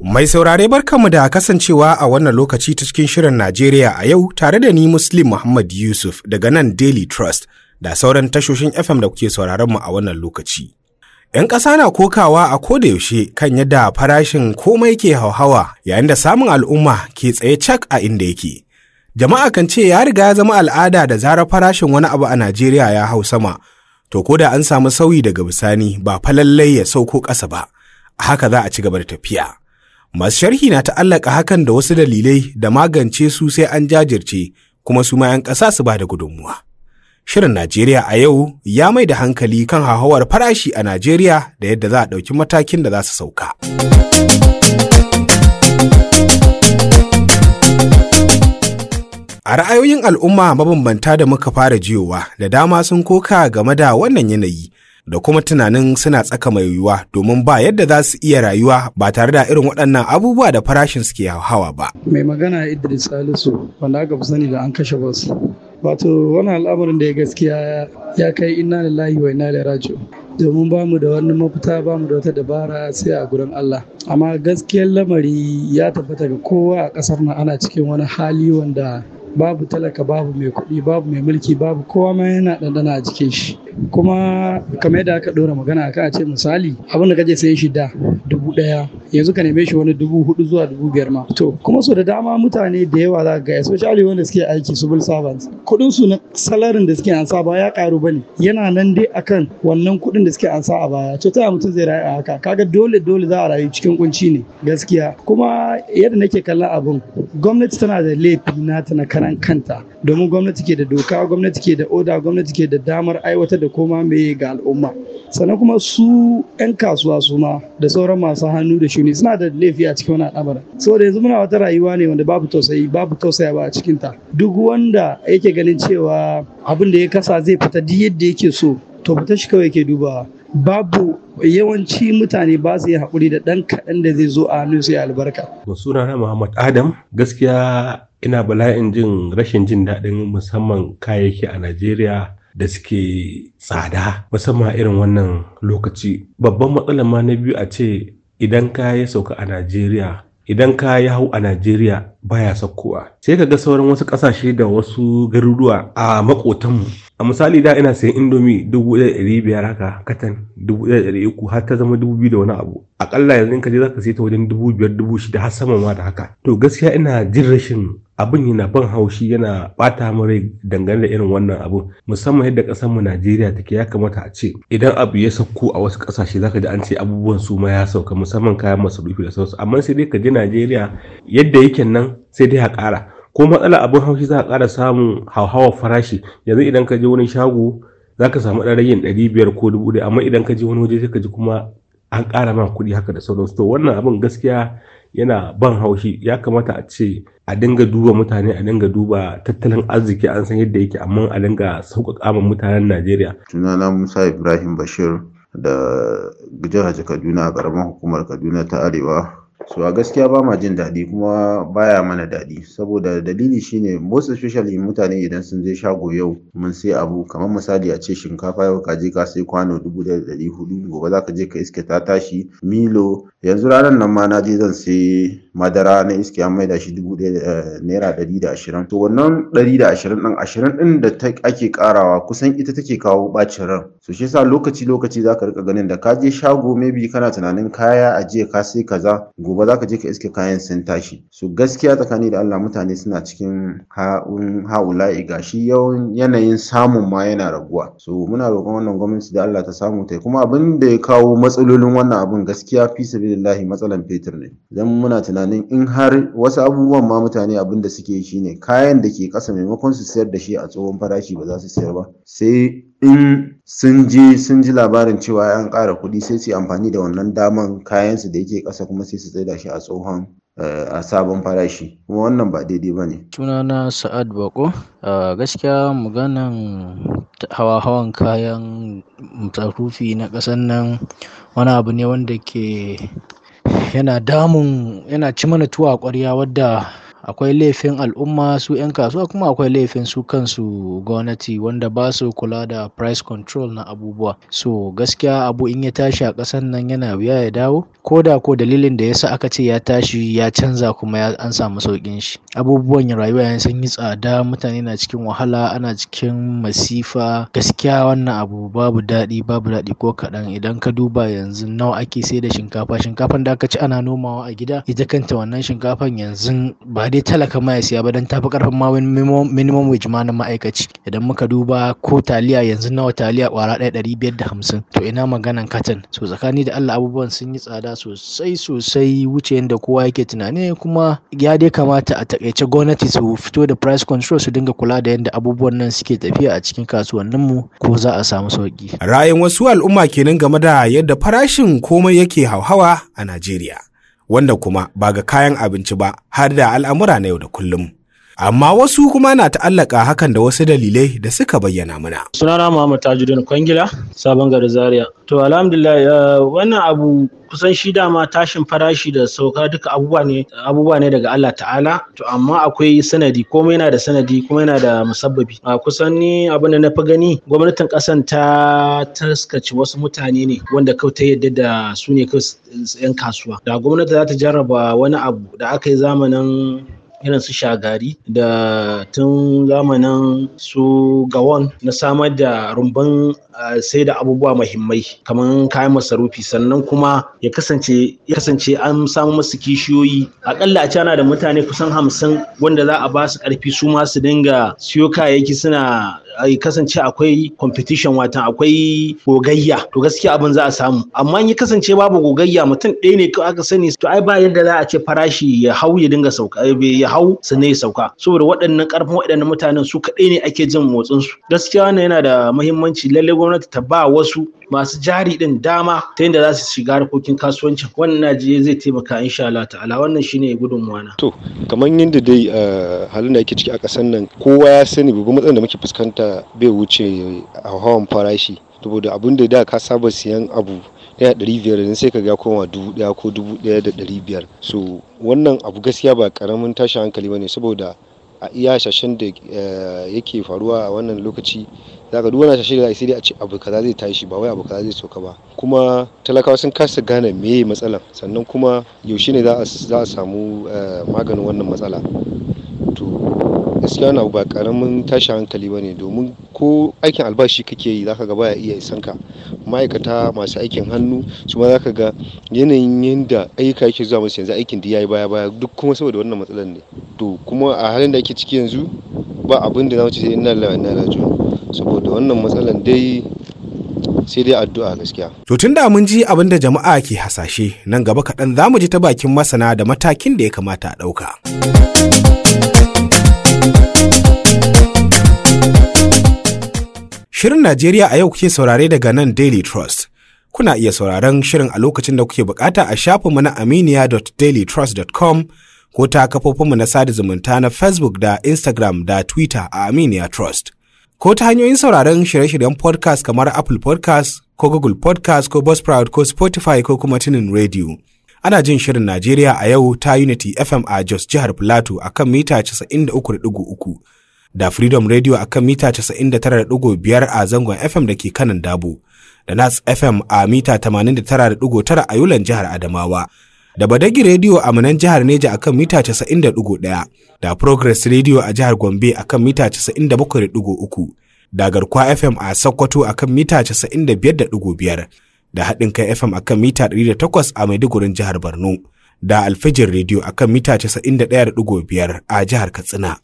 Mai saurare barkanmu da kasancewa a wannan lokaci ta cikin shirin Najeriya a yau tare da ni Muslim Muhammad Yusuf daga nan Daily Trust da sauran tashoshin FM da kuke sauraronmu mu a wannan lokaci. 'Yan ƙasa na kokawa a koda yaushe kan yadda farashin komai ke hauhawa yayin da samun al'umma ke tsaye cak a inda yake. Jama'a kan ce ya riga ya zama al'ada da zarar farashin wani abu a Najeriya ya hau sama, to ko da an samu sauyi daga bisani ba falallai ya sauko ƙasa ba, a haka za a ci gaba da tafiya. Masu sharhi na ta'allaka hakan da wasu dalilai da magance su sai an jajirce kuma su ma 'yan ƙasa su ba da gudunmuwa. Shirin Najeriya a yau ya mai da hankali kan hauhawar farashi a Najeriya da yadda za a ɗauki matakin da za su sauka. ra'ayoyin al'umma mabambanta da muka fara jiyowa da dama sun koka game da wannan yanayi da kuma tunanin suna tsaka mai yiwuwa domin ba yadda za su iya rayuwa ba tare da irin waɗannan abubuwa da farashin suke hawa ba. Mai magana Idris Salisu wanda aka fi sani da an kashe bas. Wato wannan al'amarin da ya gaskiya ya kai inna lillahi wa inna ilaihi domin ba mu da wani mafita ba mu da wata dabara sai a gurin Allah amma gaskiyar lamari ya tabbata ga kowa a ƙasar nan ana cikin wani hali wanda babu talaka babu mai kuɗi babu mai mulki babu kowa ma yana ɗanɗana a jikin shi kuma kamar yadda aka ɗora magana aka ce misali abin da kaje sayan shida dubu ɗaya yanzu ka neme shi wani dubu hudu zuwa dubu biyar ma to kuma so da dama mutane da yawa za ga especially wanda suke aiki civil servants kuɗin su na salarin da suke ansa ba ya karu bane yana nan dai akan wannan kuɗin da suke ansa a baya to ta mutum zai rayu a haka kaga dole dole za a rayu cikin kunci ne gaskiya kuma yadda nake kallon abin gwamnati tana da laifi na ta na karan kanta domin gwamnati ke da doka gwamnati ke da oda gwamnati ke da damar aiwatar da koma mai ga al'umma sannan kuma su 'yan kasuwa su ma da sauran masu hannu da shuni suna da laifi a cikin wani al'amari saboda yanzu muna wata rayuwa ne wanda babu tausayi babu ba a cikin ta duk wanda yake ganin cewa abin da ya kasa zai fita duk yadda yake so to fita shi kawai yake dubawa babu yawanci mutane ba su yi haƙuri da ɗan kaɗan da zai zo a hannun su ya albarka. sunana Muhammad Adam gaskiya ina bala'in jin rashin jin daɗin musamman kayayyaki a najeriya da suke tsada musamman irin wannan lokaci babban matsalar ma na biyu a ce idan ka ya sauka a najeriya idan ka ya hau a najeriya baya saukowa sai ka ga sauran wasu kasashe da wasu garuruwa a makotanmu a misali da ina sayan indomi dubu ɗaya ɗari biyar haka katan dubu ɗaya ɗari uku har ta zama dubu biyu da wani abu akalla yanzu in ka je za ka sai ta wajen dubu biyar dubu shida har sama ma da haka to gaskiya ina jin rashin abin yana ban haushi yana bata mu dangane da irin wannan abu musamman yadda kasar mu Najeriya take ya kamata a ce idan abu ya sauko a wasu kasashe zaka ji an ce abubuwan su ma ya sauka musamman kayan masarufi da sauransu amma sai dai ka je Najeriya yadda yake nan sai dai a ƙara ko matsala abin haushi za a ƙara samun hauhawar farashi yanzu idan ka je wani shago za ka samu ɗan ragin ɗari biyar ko dubu ɗaya amma idan ka je wani waje sai ka ji kuma an ƙara ma kuɗi haka da sauransu to wannan abin gaskiya yana ban haushi ya kamata a ce a dinga duba mutane a dinga duba tattalin arziki an san yadda yake amma a dinga sauƙaƙa ma mutanen najeriya sunana musa ibrahim bashir da jihar kaduna a ƙaramin hukumar kaduna ta arewa so a gaskiya ba ma jin daɗi kuma baya mana daɗi saboda dalili shine most especially mutane idan sun je shago yau mun sai abu kamar misali a ce shinkafa yau ka je ka sai kwano dubu da dari hudu gobe za ka je ka iske ta tashi milo yanzu ranar nan ma na je zan sai madara na iske an maida shi dubu ɗaya eh, naira ɗari da ashirin to wannan ɗari da ashirin ɗin ashirin ɗin da ake ƙarawa kusan ita take kawo ɓacin ran so shi yasa lokaci lokaci za ka rika ganin da ka je shago maybe kana tunanin kaya a jiya ka sai kaza gobe za ka je ka iske kayan sun tashi so gaskiya tsakani da Allah mutane suna cikin ha'un ga Shi yawan yanayin samun ma yana raguwa so muna roƙon wannan gwamnati da Allah ta samu ta kuma abin da ya kawo matsalolin wannan abin gaskiya fi sabilillahi matsalan fetur ne idan muna tunanin tunanin in har wasu abubuwan ma mutane abin da suke shi ne kayan da ke kasa maimakon su sayar da shi a tsohon farashi ba za su sayar ba sai in sun je sun ji labarin cewa an kara kuɗi sai su yi amfani da wannan daman kayan su da yake kasa kuma sai su tsaida shi a tsohon eh, a sabon farashi kuma wannan ba daidai ba ne. sunana sa'ad bako gaskiya maganan hawa-hawan kayan masarufi na ƙasar nan wani abu ne wanda ke yana damun, yana ci mana tuwo a ƙwarya wadda akwai laifin al'umma su 'yan kasuwa kuma akwai laifin su kansu gwamnati wanda ba su kula da price control na abubuwa so gaskiya abu in ya tashi a ƙasan nan yana wuya ya dawo ko da ko dalilin da ya sa aka ce ya tashi ya canza kuma ya an samu sauƙin shi abubuwan rayuwa ya sun yi tsada mutane na cikin wahala ana cikin masifa gaskiya wannan abu babu daɗi babu daɗi ko kaɗan idan ka duba yanzu nawa ake sai da shinkafa shinkafan da aka ci ana nomawa a gida ita kanta wannan shinkafan yanzu ba dai talaka ma ya siya ba don tafi karfin ma minimum wage ma na ma'aikaci idan muka duba ko taliya yanzu nawa taliya kwara ɗaya ɗari biyar da hamsin to ina maganan katin so tsakani da Allah abubuwan sun yi tsada sosai sosai wuce yadda kowa yake tunani kuma ya dai kamata a takaice gwamnati su fito da price control su dinga kula da yadda abubuwan nan suke tafiya a cikin kasuwanninmu ko za a samu sauki. Ra'ayin wasu al'umma kenan game da yadda farashin komai yake hauhawa a Najeriya. wanda kuma ba ga kayan abinci ba har da al'amura na yau da kullum. amma wasu kuma na ta'allaka hakan da wasu dalilai da suka bayyana muna. Sunana Muhammad Tajudin Kwangila, Sabon Gari Zaria. To alhamdulillah wannan abu kusan shi dama tashin farashi da sauka duka abubuwa ne daga Allah Ta'ala. To amma akwai sanadi komai yana da sanadi kuma yana da musabbabi. A kusan ni abin da na fi gani gwamnatin kasan ta taskace wasu mutane ne wanda kawai ta yadda da su ne kawai 'yan kasuwa. Da gwamnati za ta jarraba wani abu da aka yi zamanin irin su shagari da tun zamanin su gawon na samar da rumbun sai da abubuwa mahimmai kamar kayan masarufi sannan kuma ya kasance an samu masu kishiyoyi akalla a cana da mutane kusan hamsin wanda za a ba su karfi su ma su dinga siyo kayayyaki suna kasance akwai competition watan akwai gogayya to gaskiya abin za a samu amma in ya kasance babu gogayya mutum ɗaya ne aka sani to ai ba yadda za a ce farashi ya hau ya dinga sauka eh, ya hau sannan ya sauka saboda waɗannan ƙarfin waɗannan mutanen su kaɗai ne ake jin motsin su gaskiya wannan yana da muhimmanci lallai gwamnati ta ba wasu masu jari din dama ta yadda za su shiga harkokin kasuwancin wannan najeriya zai taimaka sha Allah ta'ala wannan shine gudunmuwa to kamar yadda dai halin da ake ciki a ƙasar nan kowa ya sani babban matsalar da muke fuskanta bai wuce a hawan farashi saboda abin da da ka saba siyan abu daya ɗari biyar ne sai ka ga koma dubu ɗaya ko dubu ɗaya da ɗari biyar so wannan abu gaskiya ba ƙaramin tashin hankali ba ne saboda a iya shashen da eh, yake faruwa a wannan lokaci za ka wani shashe da sai dai a ce abu kaza zai tashi ba wai abu kaza zai soka ba kuma talakawa sun kasa gane meye matsalan sannan kuma yaushe ne za a samu eh, maganin wannan matsala to gaskiya na ba karamin tashi hankali ba ne domin ko aikin albashi kake yi zaka ga baya iya isan ka ma'aikata masu aikin hannu su ma zaka ga yanayin yadda ayyuka yake zuwa musu yanzu aikin da yayi baya baya duk kuma saboda wannan matsalar ne to kuma a halin da ake ciki yanzu ba abin da za mu ce inna lillahi inna saboda wannan matsalan dai sai dai addu'a gaskiya. To tun da mun ji abin da jama'a ke hasashe nan gaba kaɗan za mu ji ta bakin masana da matakin da ya kamata a ɗauka. Shirin Najeriya a yau kuke saurare daga nan Daily Trust. Kuna iya sauraron shirin a lokacin da kuke bukata a shafinmu na aminiya.dailytrust.com ko ta kafofinmu na sada zumunta na Facebook da Instagram da Twitter a Aminiya Trust. Ko ta hanyoyin sauraron shirye-shiryen podcast kamar Apple podcast ko Google podcast ko Buzzsprout ko Spotify ko kuma tunin Radio. Ana jin shirin Najeriya a yau ta Unity FM a Jos jihar Plateau a kan mita 93.3 da Freedom Radio a kan mita 99.5 a zangon FM da ke kanan Dabo da Nas FM a mita 89.9 a Yulan jihar Adamawa. da Badagi Radio a munan jihar Neja akan mita 90.1 da Progress Radio a jihar Gombe akan mita 97.3 da Garkwa FM a Sokoto akan mita 95.5 da haɗin kai FM akan mita 108 a Maidugurin jihar Borno da Alfijir Radio akan mita 91.5 a jihar Katsina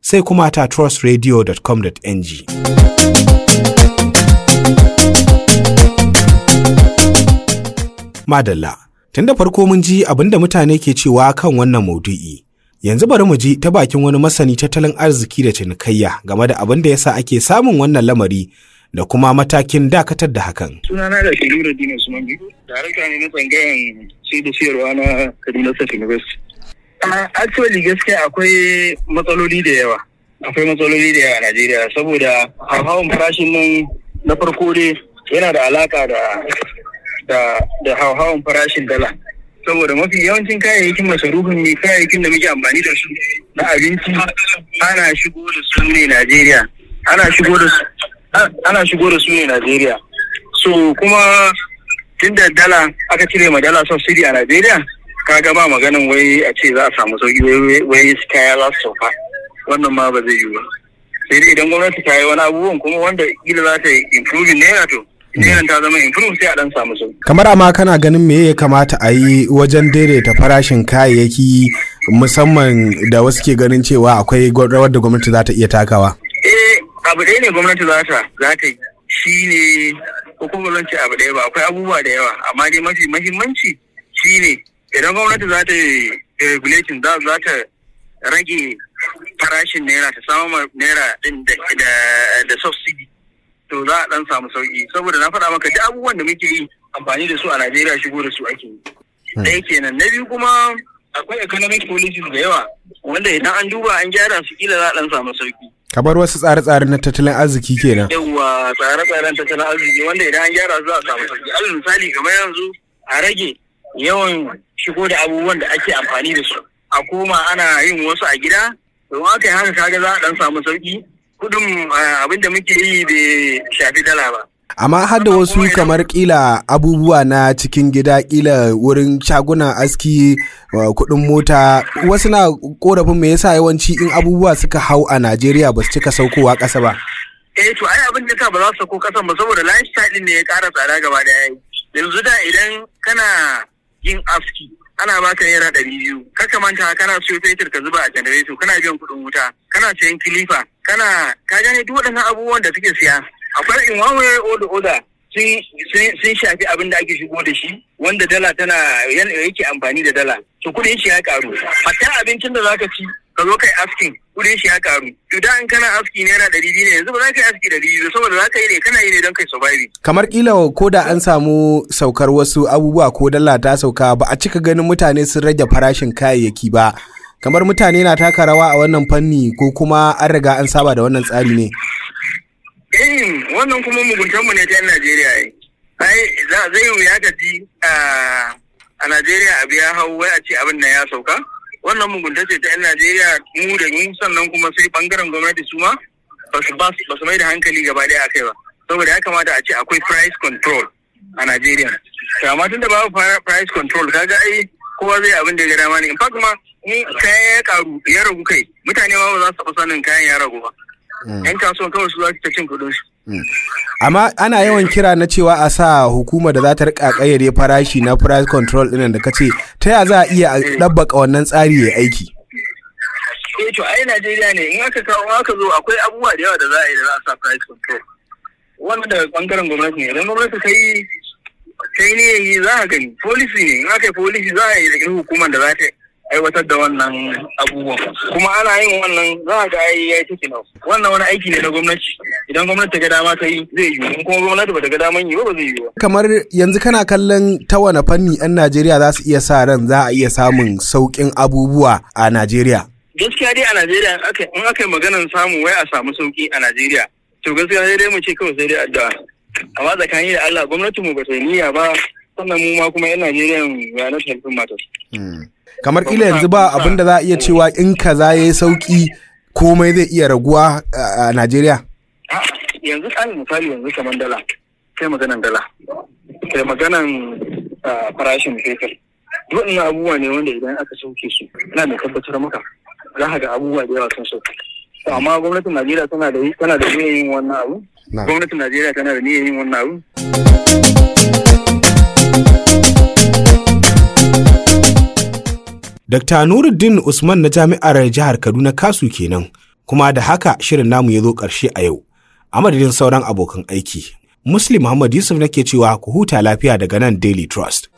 sai kuma ta trustradio.com.ng. Madalla Tun da farko mun ji abin da mutane ke cewa kan wannan maudu'i. Yanzu bari mu ji ta bakin wani masani tattalin arziki da cinikayya game da abin da yasa ake samun wannan lamari da kuma matakin dakatar da hakan. Sunana da Shiru Dina Usman Da darakta ne na tsangayen sai da siyarwa na Kaduna State University. Ah, actually gaskiya akwai matsaloli da yawa. Akwai matsaloli da yawa a Najeriya saboda hauhawan farashin nan na farko dai yana da alaka da da hauhawan farashin dala saboda mafi yawancin kayayyakin masarufin ne kayayyakin da muke amfani da su na abinci ana shigo da su ne Najeriya ana shigo da su ana shigo da su ne Najeriya so kuma tunda dala aka cire ma dala subsidy a Najeriya kaga ba maganin wai a ce za a samu sauki wai kaya za su sauka wannan ma ba zai yiwu ba sai dai idan gwamnati ta yi wani abubuwan kuma wanda kila za ta yi improving naira to Naira hmm. zama improve sai a dan samu sauki. Kamar amma kana ganin me ya kamata a yi wajen daidaita farashin kayayyaki musamman da wasu ke ganin cewa akwai rawar da gwamnati za ta iya takawa. Eh abu ɗaya ne gwamnati za ta za ta shi ne ko kuma zan ce abu ɗaya ba akwai abubuwa da yawa amma dai mafi mahimmanci shi ne idan gwamnati za ta yi regulation za ta rage farashin naira ta samu naira da subsidy to za a dan samu sauki saboda na faɗa maka duk abubuwan da muke yi amfani da su a Najeriya shigo da su ake yi. Hmm. Ɗaya kenan na biyu kuma akwai economic policies da yawa wanda idan an duba an gyara su kila za a dan samu sauki. bar wasu tsare-tsare na tattalin arziki kenan. Yawwa tsare-tsaren tattalin arziki wanda idan an gyara za a samu sauki. Alal misali kamar yanzu a rage yawan shigo da abubuwan da ake amfani da su. A koma ana yin wasu a gida. to aka yi haka kaga za a dan samu sauki. kudin eh, abin da muke yi bai shafi dala ba. Amma har da wasu kamar kila abubuwa na cikin gida kila wurin shagunan aski eh, kudin mota wasu na korafin me yasa yawanci in abubuwa suka hau a Najeriya ba su cika saukowa ƙasa ba. Eh to ai abin da ka ba za su sauko ba saboda lifestyle ne ya ƙara tsada gaba da yanzu da idan kana yin aski ana baka yana ɗari biyu kaka manta kana siyo fetur ka zuba a janareto kana biyan kuɗin wuta kana siyan kilifa kana ka gane duk waɗannan abubuwan da suke siya akwai in wani way oda oda sun shafi abin da ake shigo da shi wanda dala tana yake amfani da dala to kuɗin shi ya karu hatta abincin da zaka ci ka zo kai askin kudin shi ya karu to da in kana aski naira ɗari biyu ne yanzu ba za ka yi aski ɗari biyu saboda za ka yi ne kana yi ne don kai surviving. kamar kila ko da an samu saukar wasu abubuwa ko dalla ta sauka ba a cika ganin mutane sun rage farashin kayayyaki ba kamar mutane na taka rawa a wannan fanni ko kuma an riga an saba da wannan tsari ne. eh wannan kuma muguntanmu ne ta 'yan najeriya eh. ai zai wuya ka ji ah, a najeriya abu ya hau wai a ce abin nan ya sauka. wannan mugunta ce ta 'yan Najeriya mu da mu sannan kuma sai bangaren gwamnati su ma ba su mai da hankali gaba daya akai ba saboda ya kamata a ce akwai price control a Najeriya amma tun da babu price control kaga ai kowa zai abin da ya gada dama ne in fact ma kayan ya karu ya ragu kai mutane ma ba za su sanin kayan ya ragu ba Mm. yan kasuwan kawai su za su ta cin kuɗin su. Mm. amma ana yawan kira na cewa a sa hukuma da za ta rika kayyade farashi na price control ɗin da ka ce ta ya za a iya mm. ɗabbaka wannan tsari ya aiki. eh to ai Najeriya ne in aka kawo in aka zo akwai abubuwa da yawa da za a yi da za a sa price control Wani daga bangaren gwamnati ne idan gwamnati ta yi ta yi ne za a gani policy ne in aka yi policy za a yi da hukumar da za ta yi aiwatar da wannan abubuwan kuma ana yin wannan za a ga ya yi take wannan wani aiki ne na gwamnati idan gwamnati ta ga dama ta yi zai yi in kuma gwamnati ba ta ga dama yi ba zai yi ba kamar yanzu kana kallon ta wani fanni yan Najeriya za su iya sa ran za a iya samun sauƙin abubuwa a Najeriya gaskiya dai a Najeriya in aka yi maganar samu wai a samu sauƙi a Najeriya to gaskiya sai dai mu ce kawai sai dai addu'a amma tsakanin da Allah gwamnatin mu ba ta niyya ba sannan mu ma kuma yan Najeriya ya na shafin matar hmm. kamar kila yanzu ba abin da za a iya cewa in kaza ya yi sauki komai zai iya raguwa a Najeriya. Yanzu tsarin misali yanzu kamar dala sai maganan dala sai maganan farashin fetur ina abubuwa ne wanda idan aka sauke su na mai tabbatar maka za ka ga abubuwa da yawa sun sauke. amma gwamnatin Najeriya tana da tana da niyyar yin wannan abu. Gwamnatin Najeriya tana da niyyar yin wannan abu. Dr. Nuruddin Usman na Jami'ar Jihar Kaduna Kasu kenan, kuma da haka shirin namu ya zo ƙarshe a yau. A madadin sauran abokan aiki, Muslim Muhammad Yusuf nake cewa ku huta lafiya daga nan Daily Trust.